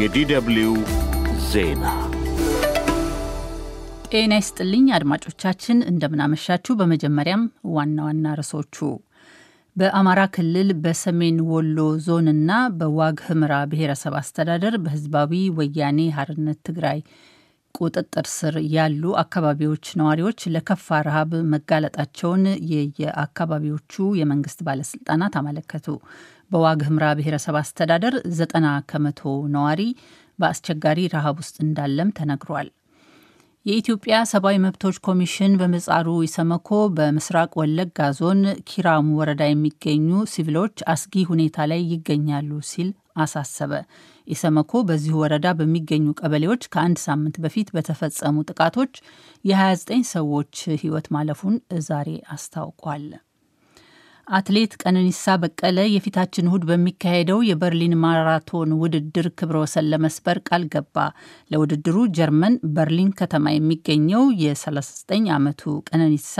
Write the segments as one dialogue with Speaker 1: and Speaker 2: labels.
Speaker 1: የዲደብልዩ ዜና ጤና ይስጥልኝ አድማጮቻችን፣ እንደምናመሻችሁ። በመጀመሪያም ዋና ዋና ርዕሶቹ በአማራ ክልል በሰሜን ወሎ ዞንና በዋግ ህምራ ብሔረሰብ አስተዳደር በህዝባዊ ወያኔ ሀርነት ትግራይ ቁጥጥር ስር ያሉ አካባቢዎች ነዋሪዎች ለከፋ ረሃብ መጋለጣቸውን የየአካባቢዎቹ የመንግስት ባለስልጣናት አመለከቱ። በዋግ ህምራ ብሔረሰብ አስተዳደር ዘጠና ከመቶ ነዋሪ በአስቸጋሪ ረሃብ ውስጥ እንዳለም ተነግሯል። የኢትዮጵያ ሰብአዊ መብቶች ኮሚሽን በመጻሩ ኢሰመኮ በምስራቅ ወለጋ ዞን ኪራሙ ወረዳ የሚገኙ ሲቪሎች አስጊ ሁኔታ ላይ ይገኛሉ ሲል አሳሰበ። ኢሰመኮ በዚሁ ወረዳ በሚገኙ ቀበሌዎች ከአንድ ሳምንት በፊት በተፈጸሙ ጥቃቶች የ29 ሰዎች ህይወት ማለፉን ዛሬ አስታውቋል። አትሌት ቀነኒሳ በቀለ የፊታችን እሁድ በሚካሄደው የበርሊን ማራቶን ውድድር ክብረ ወሰን ለመስበር ቃል ገባ። ለውድድሩ ጀርመን በርሊን ከተማ የሚገኘው የ39 ዓመቱ ቀነኒሳ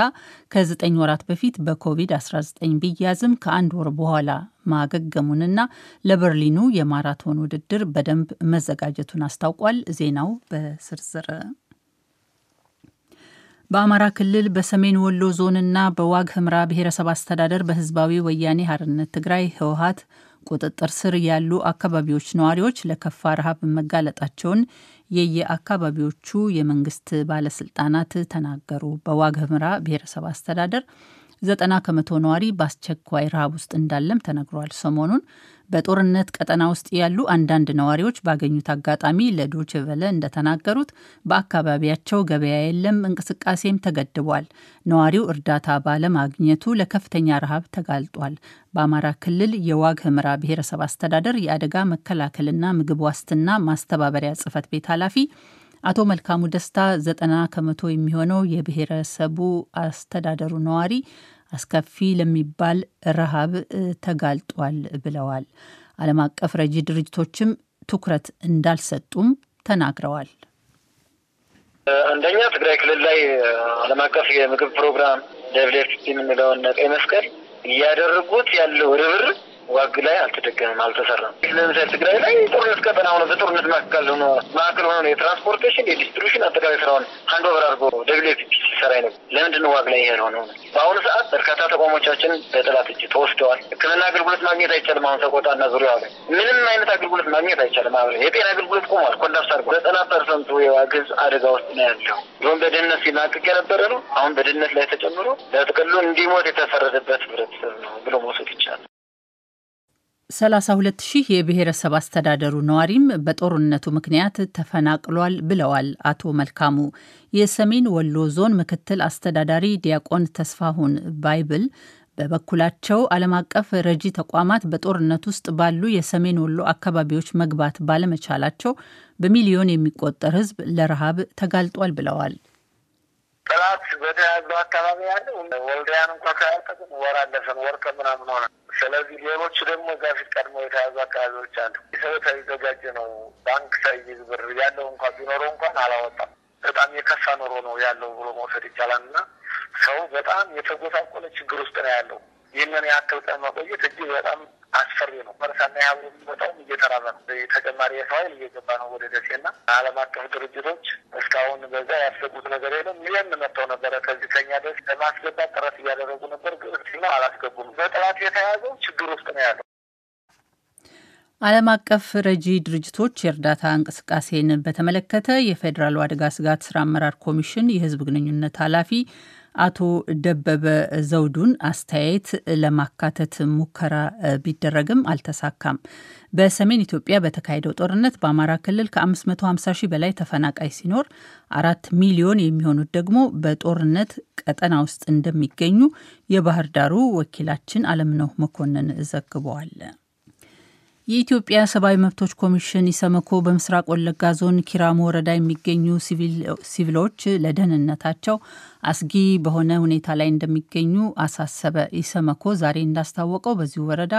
Speaker 1: ከ9 ወራት በፊት በኮቪድ-19 ቢያዝም ከአንድ ወር በኋላ ማገገሙንና ለበርሊኑ የማራቶን ውድድር በደንብ መዘጋጀቱን አስታውቋል። ዜናው በዝርዝር በአማራ ክልል በሰሜን ወሎ ዞንና በዋግ ህምራ ብሔረሰብ አስተዳደር በህዝባዊ ወያኔ ሀርነት ትግራይ ህወሀት ቁጥጥር ስር ያሉ አካባቢዎች ነዋሪዎች ለከፋ ረሃብ መጋለጣቸውን የየአካባቢዎቹ የመንግስት ባለስልጣናት ተናገሩ። በዋግ ህምራ ብሔረሰብ አስተዳደር ዘጠና ከመቶ ነዋሪ በአስቸኳይ ረሃብ ውስጥ እንዳለም ተነግሯል። ሰሞኑን በጦርነት ቀጠና ውስጥ ያሉ አንዳንድ ነዋሪዎች ባገኙት አጋጣሚ ለዶች ቨለ እንደተናገሩት በአካባቢያቸው ገበያ የለም፣ እንቅስቃሴም ተገድቧል። ነዋሪው እርዳታ ባለማግኘቱ ለከፍተኛ ረሃብ ተጋልጧል። በአማራ ክልል የዋግ ህምራ ብሔረሰብ አስተዳደር የአደጋ መከላከልና ምግብ ዋስትና ማስተባበሪያ ጽህፈት ቤት ኃላፊ አቶ መልካሙ ደስታ ዘጠና ከመቶ የሚሆነው የብሔረሰቡ አስተዳደሩ ነዋሪ አስከፊ ለሚባል ረሃብ ተጋልጧል ብለዋል። ዓለም አቀፍ ረጂ ድርጅቶችም ትኩረት እንዳልሰጡም ተናግረዋል። አንደኛ ትግራይ ክልል ላይ ዓለም አቀፍ የምግብ ፕሮግራም ደብሌፍ የምንለውን ቀይ መስቀል እያደረጉት ያለው ርብርብ ዋግ ላይ አልተደገመም፣ አልተሰራም። ለምሳሌ ትግራይ ላይ ጦርነት ቀጠና ሆነ በጦርነት መካከል ሆኖ መካከል ሆነ የትራንስፖርቴሽን የዲስትሪቢሽን አጠቃላይ ስራውን አንድ ወበር አድርጎ ደግሌት ሲሰራ ይነ ለምንድን ነው ዋግ ላይ ይሄ ሆነ? በአሁኑ ሰዓት በርካታ ተቋሞቻችን በጠላት እጅ ተወስደዋል። ሕክምና አገልግሎት ማግኘት አይቻልም። አሁን ሰቆጣና ዙሪያ ላይ ምንም አይነት አገልግሎት ማግኘት አይቻልም። አ የጤና አገልግሎት ቆሟል፣ ኮላፕስ አድርጓል። ዘጠና ፐርሰንቱ የዋግ ህዝብ አደጋ ውስጥ ነው ያለው። ዞን በድህነት ሲናቅቅ የነበረ ነው። አሁን በድህነት ላይ ተጨምሮ በጥቅሉ እንዲሞት የተፈረደበት ህብረተሰብ ነው ብሎ መውሰድ ይቻላል። 32 ሺህ የብሔረሰብ አስተዳደሩ ነዋሪም በጦርነቱ ምክንያት ተፈናቅሏል ብለዋል አቶ መልካሙ። የሰሜን ወሎ ዞን ምክትል አስተዳዳሪ ዲያቆን ተስፋሁን ባይብል በበኩላቸው ዓለም አቀፍ ረጂ ተቋማት በጦርነት ውስጥ ባሉ የሰሜን ወሎ አካባቢዎች መግባት ባለመቻላቸው በሚሊዮን የሚቆጠር ሕዝብ ለረሃብ ተጋልጧል ብለዋል። ጥላት በተያዘው አካባቢ ያለው ወልዲያን እንኳ ካያልጠቅም ወር አለፈን ወር ከምናምን ሆነ። ስለዚህ ሌሎች ደግሞ እዛ ፊት ቀድሞ የተያዙ አካባቢዎች አሉ። ሰው ተዘጋጀ ነው። ባንክ ሳይዝ ብር ያለው እንኳ ቢኖረው እንኳን አላወጣም። በጣም የከፋ ኑሮ ነው ያለው ብሎ መውሰድ ይቻላል። እና ሰው በጣም የተጎሳቆለ ችግር ውስጥ ነው ያለው። ይህንን ያክል ቀን መቆየት እጅግ በጣም አስፈሪ ነው። መርሳና የሀብሩ የሚመጣውም እየተራበ ነው። ተጨማሪ የሰው ኃይል እየገባ ነው ወደ ደሴና ዓለም አቀፍ ድርጅቶች እስካሁን በዛ ያስገቡት ነገር የለም። ይህን መጥተው ነበረ ከዚህ ከኛ ደስ ለማስገባት ጥረት እያደረጉ ነበር፣ ግን አላስገቡም። በጠላት የተያዘው ችግር ውስጥ ነው ያለው። ዓለም አቀፍ ረጂ ድርጅቶች የእርዳታ እንቅስቃሴን በተመለከተ የፌዴራሉ አደጋ ስጋት ስራ አመራር ኮሚሽን የህዝብ ግንኙነት ኃላፊ አቶ ደበበ ዘውዱን አስተያየት ለማካተት ሙከራ ቢደረግም አልተሳካም። በሰሜን ኢትዮጵያ በተካሄደው ጦርነት በአማራ ክልል ከ550 ሺህ በላይ ተፈናቃይ ሲኖር አራት ሚሊዮን የሚሆኑት ደግሞ በጦርነት ቀጠና ውስጥ እንደሚገኙ የባህር ዳሩ ወኪላችን አለምነው መኮንን ዘግበዋል። የኢትዮጵያ ሰብአዊ መብቶች ኮሚሽን ኢሰመኮ በምስራቅ ወለጋ ዞን ኪራሞ ወረዳ የሚገኙ ሲቪሎች ለደህንነታቸው አስጊ በሆነ ሁኔታ ላይ እንደሚገኙ አሳሰበ። ኢሰመኮ ዛሬ እንዳስታወቀው በዚሁ ወረዳ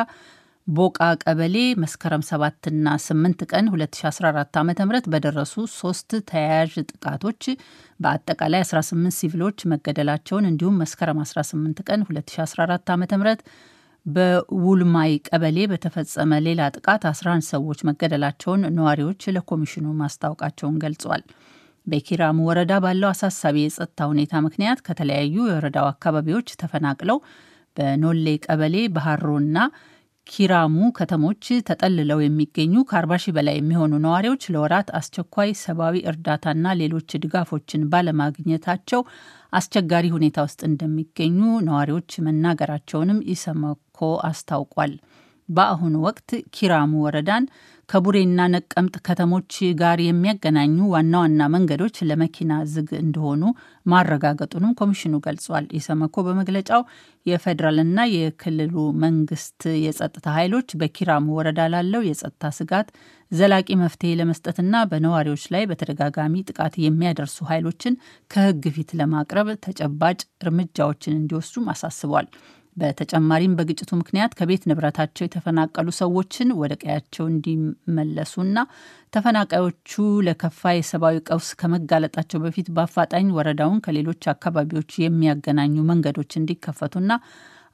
Speaker 1: ቦቃ ቀበሌ መስከረም 7ና 8 ቀን 2014 ዓ ም በደረሱ ሶስት ተያያዥ ጥቃቶች በአጠቃላይ 18 ሲቪሎች መገደላቸውን እንዲሁም መስከረም 18 ቀን 2014 ዓ ም በውልማይ ቀበሌ በተፈጸመ ሌላ ጥቃት 11 ሰዎች መገደላቸውን ነዋሪዎች ለኮሚሽኑ ማስታወቃቸውን ገልጿል። በኪራሙ ወረዳ ባለው አሳሳቢ የጸጥታ ሁኔታ ምክንያት ከተለያዩ የወረዳው አካባቢዎች ተፈናቅለው በኖሌ ቀበሌ ባህሮና ኪራሙ ከተሞች ተጠልለው የሚገኙ ከ40 ሺ በላይ የሚሆኑ ነዋሪዎች ለወራት አስቸኳይ ሰብአዊ እርዳታና ሌሎች ድጋፎችን ባለማግኘታቸው አስቸጋሪ ሁኔታ ውስጥ እንደሚገኙ ነዋሪዎች መናገራቸውንም ኢሰመኮ አስታውቋል። በአሁኑ ወቅት ኪራሙ ወረዳን ከቡሬና ነቀምጥ ከተሞች ጋር የሚያገናኙ ዋና ዋና መንገዶች ለመኪና ዝግ እንደሆኑ ማረጋገጡንም ኮሚሽኑ ገልጿል። ኢሰመኮ በመግለጫው የፌዴራልና የክልሉ መንግስት የጸጥታ ኃይሎች በኪራሙ ወረዳ ላለው የጸጥታ ስጋት ዘላቂ መፍትሄ ለመስጠትና በነዋሪዎች ላይ በተደጋጋሚ ጥቃት የሚያደርሱ ኃይሎችን ከህግ ፊት ለማቅረብ ተጨባጭ እርምጃዎችን እንዲወስዱም አሳስቧል። በተጨማሪም በግጭቱ ምክንያት ከቤት ንብረታቸው የተፈናቀሉ ሰዎችን ወደ ቀያቸው እንዲመለሱና ተፈናቃዮቹ ለከፋ የሰብአዊ ቀውስ ከመጋለጣቸው በፊት በአፋጣኝ ወረዳውን ከሌሎች አካባቢዎች የሚያገናኙ መንገዶች እንዲከፈቱና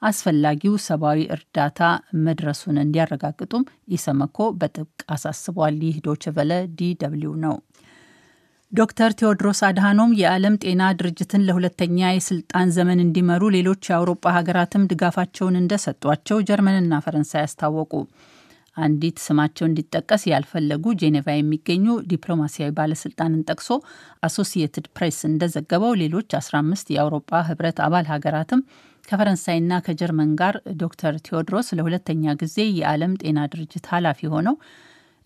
Speaker 1: አስፈላጊው ሰብአዊ እርዳታ መድረሱን እንዲያረጋግጡም ኢሰመኮ በጥብቅ አሳስቧል። ይህ ዶችቨለ ዲደብሊው ነው። ዶክተር ቴዎድሮስ አድሃኖም የዓለም ጤና ድርጅትን ለሁለተኛ የስልጣን ዘመን እንዲመሩ ሌሎች የአውሮፓ ሀገራትም ድጋፋቸውን እንደሰጧቸው ጀርመንና ፈረንሳይ አስታወቁ። አንዲት ስማቸው እንዲጠቀስ ያልፈለጉ ጄኔቫ የሚገኙ ዲፕሎማሲያዊ ባለስልጣንን ጠቅሶ አሶሲየትድ ፕሬስ እንደዘገበው ሌሎች 15 የአውሮፓ ህብረት አባል ሀገራትም ከፈረንሳይና ከጀርመን ጋር ዶክተር ቴዎድሮስ ለሁለተኛ ጊዜ የዓለም ጤና ድርጅት ኃላፊ ሆነው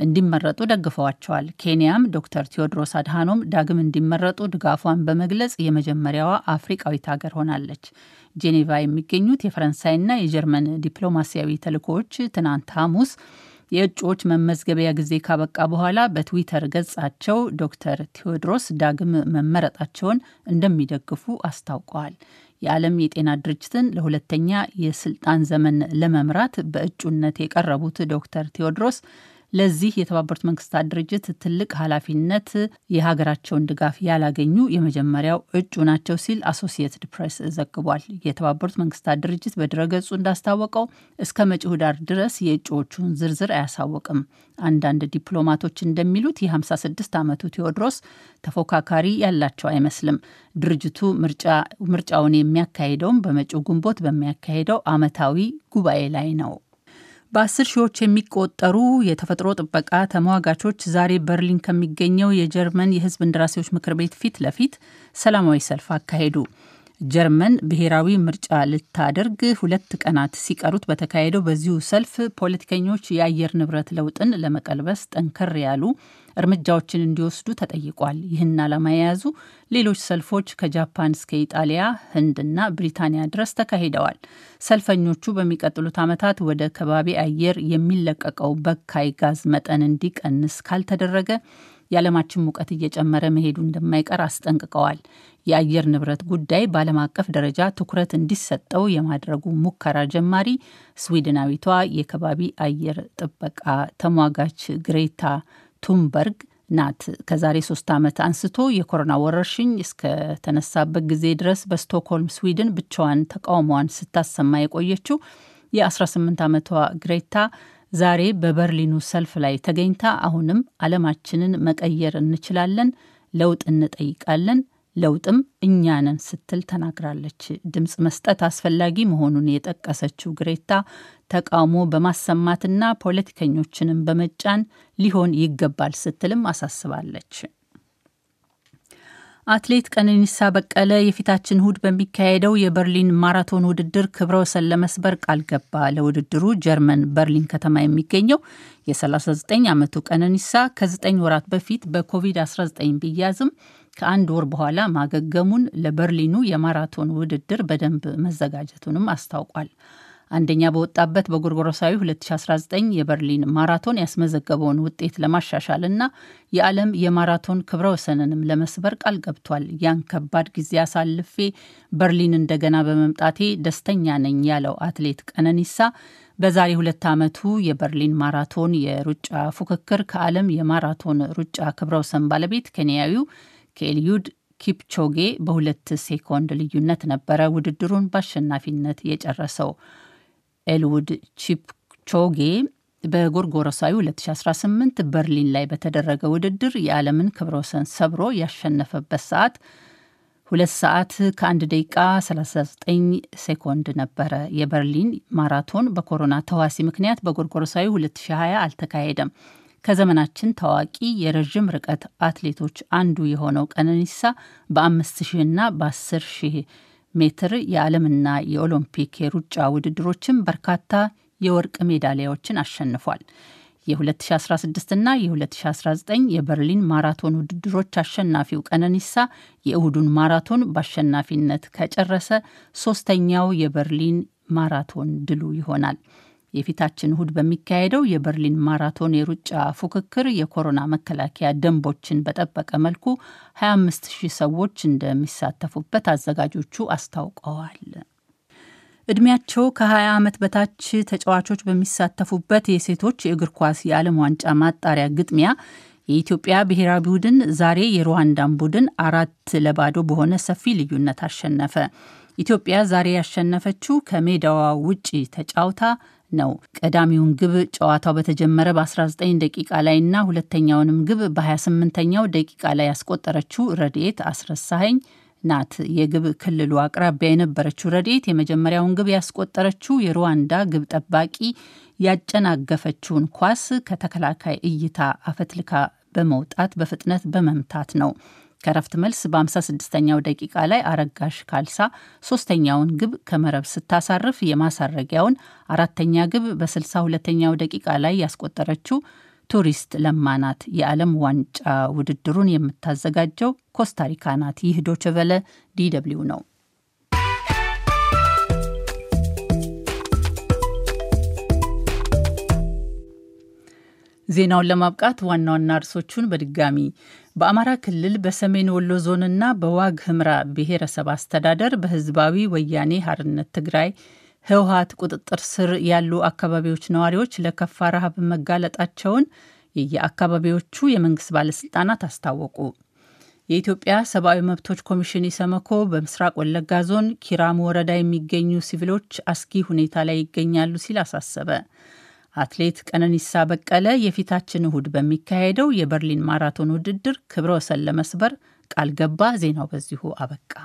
Speaker 1: እንዲመረጡ ደግፈዋቸዋል። ኬንያም ዶክተር ቴዎድሮስ አድሃኖም ዳግም እንዲመረጡ ድጋፏን በመግለጽ የመጀመሪያዋ አፍሪቃዊት ሀገር ሆናለች። ጄኔቫ የሚገኙት የፈረንሳይና የጀርመን ዲፕሎማሲያዊ ተልእኮዎች ትናንት ሐሙስ የእጩዎች መመዝገቢያ ጊዜ ካበቃ በኋላ በትዊተር ገጻቸው ዶክተር ቴዎድሮስ ዳግም መመረጣቸውን እንደሚደግፉ አስታውቀዋል። የዓለም የጤና ድርጅትን ለሁለተኛ የስልጣን ዘመን ለመምራት በእጩነት የቀረቡት ዶክተር ቴዎድሮስ ለዚህ የተባበሩት መንግስታት ድርጅት ትልቅ ኃላፊነት የሀገራቸውን ድጋፍ ያላገኙ የመጀመሪያው እጩ ናቸው ሲል አሶሲየትድ ፕሬስ ዘግቧል። የተባበሩት መንግስታት ድርጅት በድረገጹ እንዳስታወቀው እስከ መጪው ዳር ድረስ የእጩዎቹን ዝርዝር አያሳወቅም። አንዳንድ ዲፕሎማቶች እንደሚሉት የ56 ዓመቱ ቴዎድሮስ ተፎካካሪ ያላቸው አይመስልም። ድርጅቱ ምርጫውን የሚያካሂደውም በመጪው ግንቦት በሚያካሄደው ዓመታዊ ጉባኤ ላይ ነው። በአስር ሺዎች የሚቆጠሩ የተፈጥሮ ጥበቃ ተሟጋቾች ዛሬ በርሊን ከሚገኘው የጀርመን የሕዝብ እንደራሴዎች ምክር ቤት ፊት ለፊት ሰላማዊ ሰልፍ አካሄዱ። ጀርመን ብሔራዊ ምርጫ ልታደርግ ሁለት ቀናት ሲቀሩት በተካሄደው በዚሁ ሰልፍ ፖለቲከኞች የአየር ንብረት ለውጥን ለመቀልበስ ጠንከር ያሉ እርምጃዎችን እንዲወስዱ ተጠይቋል። ይህን ዓላማ የያዙ ሌሎች ሰልፎች ከጃፓን እስከ ኢጣሊያ፣ ህንድና ብሪታንያ ድረስ ተካሂደዋል። ሰልፈኞቹ በሚቀጥሉት ዓመታት ወደ ከባቢ አየር የሚለቀቀው በካይ ጋዝ መጠን እንዲቀንስ ካልተደረገ የዓለማችን ሙቀት እየጨመረ መሄዱ እንደማይቀር አስጠንቅቀዋል። የአየር ንብረት ጉዳይ በዓለም አቀፍ ደረጃ ትኩረት እንዲሰጠው የማድረጉ ሙከራ ጀማሪ ስዊድናዊቷ የከባቢ አየር ጥበቃ ተሟጋች ግሬታ ቱምበርግ ናት። ከዛሬ ሶስት ዓመት አንስቶ የኮሮና ወረርሽኝ እስከተነሳበት ጊዜ ድረስ በስቶክሆልም ስዊድን ብቻዋን ተቃውሟዋን ስታሰማ የቆየችው የ18 ዓመቷ ግሬታ ዛሬ በበርሊኑ ሰልፍ ላይ ተገኝታ አሁንም ዓለማችንን መቀየር እንችላለን፣ ለውጥ እንጠይቃለን፣ ለውጥም እኛንን ስትል ተናግራለች። ድምፅ መስጠት አስፈላጊ መሆኑን የጠቀሰችው ግሬታ ተቃውሞ በማሰማትና ፖለቲከኞችንም በመጫን ሊሆን ይገባል ስትልም አሳስባለች። አትሌት ቀነኒሳ በቀለ የፊታችን እሁድ በሚካሄደው የበርሊን ማራቶን ውድድር ክብረ ወሰን ለመስበር ቃል ገባ። ለውድድሩ ጀርመን በርሊን ከተማ የሚገኘው የ39 ዓመቱ ቀነኒሳ ከ9 ወራት በፊት በኮቪድ-19 ቢያዝም ከአንድ ወር በኋላ ማገገሙን ለበርሊኑ የማራቶን ውድድር በደንብ መዘጋጀቱንም አስታውቋል። አንደኛ በወጣበት በጎርጎሮሳዊ 2019 የበርሊን ማራቶን ያስመዘገበውን ውጤት ለማሻሻል እና የዓለም የማራቶን ክብረ ወሰንንም ለመስበር ቃል ገብቷል። ያን ከባድ ጊዜ አሳልፌ በርሊን እንደገና በመምጣቴ ደስተኛ ነኝ ያለው አትሌት ቀነኒሳ በዛሬ ሁለት ዓመቱ የበርሊን ማራቶን የሩጫ ፉክክር ከዓለም የማራቶን ሩጫ ክብረ ወሰን ባለቤት ኬንያዊው ከኤልዩድ ኪፕቾጌ በሁለት ሴኮንድ ልዩነት ነበረ ውድድሩን በአሸናፊነት የጨረሰው። ኤልውድ ቺፕቾጌ በጎርጎረሳዊ 2018 በርሊን ላይ በተደረገ ውድድር የዓለምን ክብረ ወሰን ሰብሮ ያሸነፈበት ሰዓት 2 ሰዓት ከ1 ደቂቃ 39 ሴኮንድ ነበረ። የበርሊን ማራቶን በኮሮና ተዋሲ ምክንያት በጎርጎረሳዊ 2020 አልተካሄደም። ከዘመናችን ታዋቂ የረዥም ርቀት አትሌቶች አንዱ የሆነው ቀነኒሳ በ5000 እና ሺህ 10000 ሜትር የዓለምና የኦሎምፒክ የሩጫ ውድድሮችን በርካታ የወርቅ ሜዳሊያዎችን አሸንፏል። የ2016ና የ2019 የበርሊን ማራቶን ውድድሮች አሸናፊው ቀነኒሳ የእሁዱን ማራቶን በአሸናፊነት ከጨረሰ ሶስተኛው የበርሊን ማራቶን ድሉ ይሆናል። የፊታችን እሁድ በሚካሄደው የበርሊን ማራቶን የሩጫ ፉክክር የኮሮና መከላከያ ደንቦችን በጠበቀ መልኩ 250 ሰዎች እንደሚሳተፉበት አዘጋጆቹ አስታውቀዋል። እድሜያቸው ከ20 ዓመት በታች ተጫዋቾች በሚሳተፉበት የሴቶች የእግር ኳስ የዓለም ዋንጫ ማጣሪያ ግጥሚያ የኢትዮጵያ ብሔራዊ ቡድን ዛሬ የሩዋንዳን ቡድን አራት ለባዶ በሆነ ሰፊ ልዩነት አሸነፈ። ኢትዮጵያ ዛሬ ያሸነፈችው ከሜዳዋ ውጪ ተጫውታ ነው። ቀዳሚውን ግብ ጨዋታው በተጀመረ በ19 ደቂቃ ላይ እና ሁለተኛውንም ግብ በ28ኛው ደቂቃ ላይ ያስቆጠረችው ረድኤት አስረሳኸኝ ናት። የግብ ክልሉ አቅራቢያ የነበረችው ረድኤት የመጀመሪያውን ግብ ያስቆጠረችው የሩዋንዳ ግብ ጠባቂ ያጨናገፈችውን ኳስ ከተከላካይ እይታ አፈትልካ በመውጣት በፍጥነት በመምታት ነው። ከረፍት መልስ በ56ኛው ደቂቃ ላይ አረጋሽ ካልሳ ሶስተኛውን ግብ ከመረብ ስታሳርፍ የማሳረጊያውን አራተኛ ግብ በ62ኛው ደቂቃ ላይ ያስቆጠረችው ቱሪስት ለማናት። የዓለም ዋንጫ ውድድሩን የምታዘጋጀው ኮስታሪካ ናት። ይህ ዶችቨለ ዲደብሊው ነው። ዜናውን ለማብቃት ዋና ዋና እርሶቹን በድጋሚ በአማራ ክልል በሰሜን ወሎ ዞንና በዋግ ህምራ ብሔረሰብ አስተዳደር በህዝባዊ ወያኔ ሀርነት ትግራይ ህወሀት ቁጥጥር ስር ያሉ አካባቢዎች ነዋሪዎች ለከፋ ረሃብ መጋለጣቸውን የየአካባቢዎቹ የመንግስት ባለስልጣናት አስታወቁ። የኢትዮጵያ ሰብአዊ መብቶች ኮሚሽን ኢሰመኮ በምስራቅ ወለጋ ዞን ኪራሙ ወረዳ የሚገኙ ሲቪሎች አስጊ ሁኔታ ላይ ይገኛሉ ሲል አሳሰበ። አትሌት ቀነኒሳ በቀለ የፊታችን እሁድ በሚካሄደው የበርሊን ማራቶን ውድድር ክብረ ወሰን ለመስበር ቃል ገባ። ዜናው በዚሁ አበቃ።